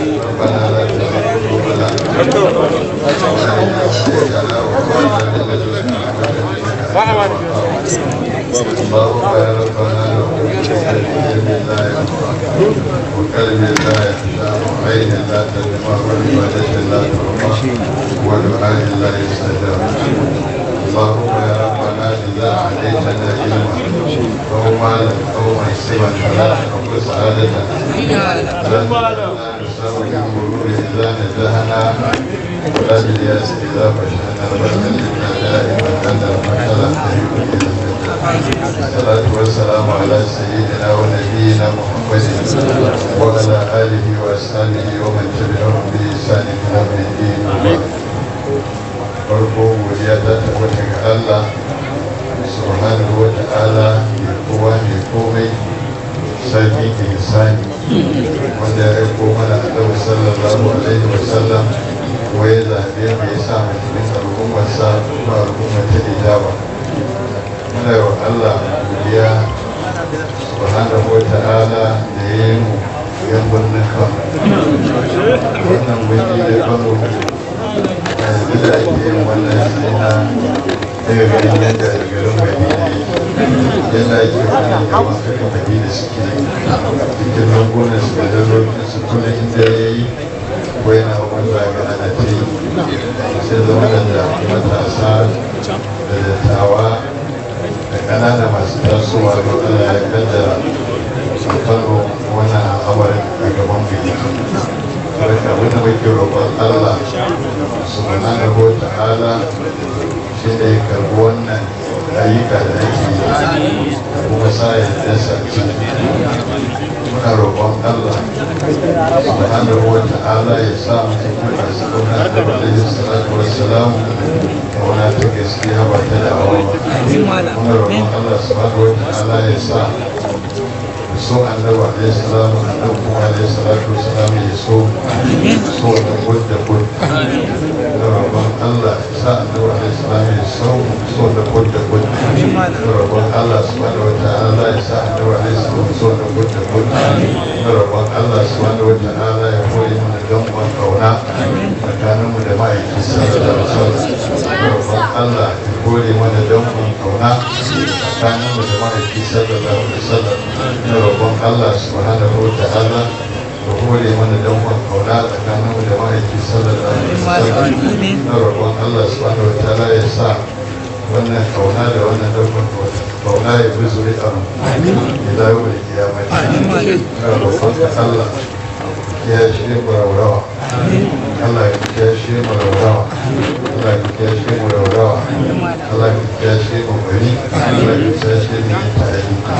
اللهم يا ربنا وكلم الله يحزن وعين لا تجمع والمدد لا ترمى ودعاء لا يستجاب اللهم يا ربنا اذا عليتنا علما او مالا او محسبا فلا تنقص عادتنا Sai ne ke sani wanda ya aiko mana annabi sallallahu alaihi Sallam, ko ya zaɓe mai ya sa mu al'ummar sa kuma al'ummar ta ijaba muna yi wa Allah godiya subhanahu wa ta'ala da ya yi mu yan birnin kan wannan wani da kano yanzu da ake yin wannan sai na daga garin yadda garin madina yake yadda ake wani yawa mutane da suke cikin rangunan da inda ya yi ce sai zama da matasa da dattawa da ƙanana masu tasowa da ya kaddara a kano wannan a gaban allah su mana da ta'ala shi ne karbi wannan ayyuka da ake kuma sa ya dasa muna roƙon Allah subhanahu wa ta'ala ya sa mu cikin masu kauna da alaihi salatu wa salam kauna ta gaskiya ba ta da'awa ba muna roƙon Allah subhanahu wa ta'ala ya sa so annabi alaihi salatu wa salam annabi kuma alaihi Allah ya sa su alaihi da gudda gudda na roƙon Allah subhanahu wa ta'ala ya koyi mana dangon kauna tsakanin mu da ma'aikin sallallahu da wasallam na rabon Allah ya koyi mana dangon kauna tsakanin mu da ma'aikin sallallahu alaihi wasallam na rabon Allah su subhanahu wa ta'ala ka hore mana dangon kauna tsakanin mu da ma'aikin sallallahu alaihi wasallam na rabon Allah su subhanahu wa ta'ala ya sa wannan kauna da wannan daukan kauna ya fi zuri a ya dawo da kiyama ina roƙon ka Allah ya shi muraurawa Allah ya shi muraurawa Allah ya shi muraurawa Allah ya shi mabari Allah ya shi mai tayi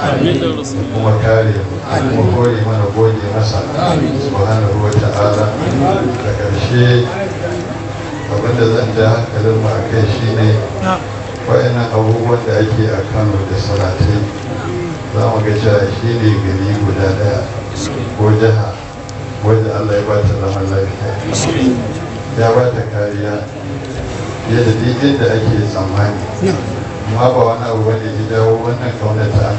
kuma kare kuma kore mana goge masa subhanahu wa ta'ala da karshe abinda zan da hankalin mu a kai shine wa'annan abubuwan da ake a kano da salatai za mu ga cewa shi ne gari guda daya ko jiha wanda allah ya ba ta zaman lafiya ya ba ta kariya yadda duk inda ake tsammani amma ba wani abu bane ya dawo wannan kaunar ta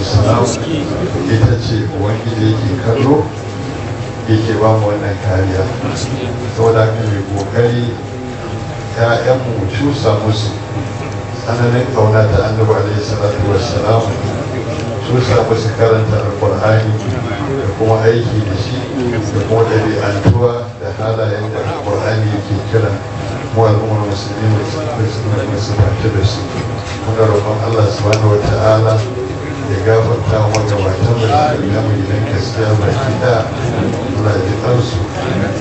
islam ita ce ubangiji yake kallo yake ba mu wannan kariya saboda haka mai kokari ya'yanmu cusa musu tsananin kauna ta annabi alaihi salatu wassalam cusa musu karanta alqur'ani da kuma aiki da shi da kuma ɗabi'antuwa da halayen da alqur'ani yake kira mu al'ummar musulmi musulmi musulmi da su muna roƙon allah subhanahu wa ta'ala ya gafarta wata wata da ya mu gidan gaskiya baki da Allah ya kansu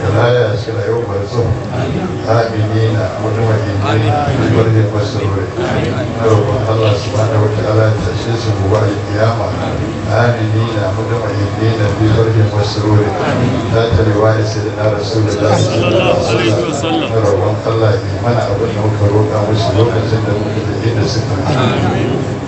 da laya shi da yau barzo amini na wani madini ne barne masarore yau Allah su subhanahu wa ta'ala ya tashe su gobe kiyama amini na wani madini ne barne masarore da ta riwaya sai da rasulullahi sallallahu alaihi wasallam roƙon Allah ya mana abin da muka roƙa musu lokacin da muka da inda suka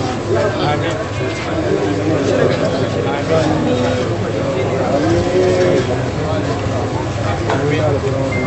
啊，对。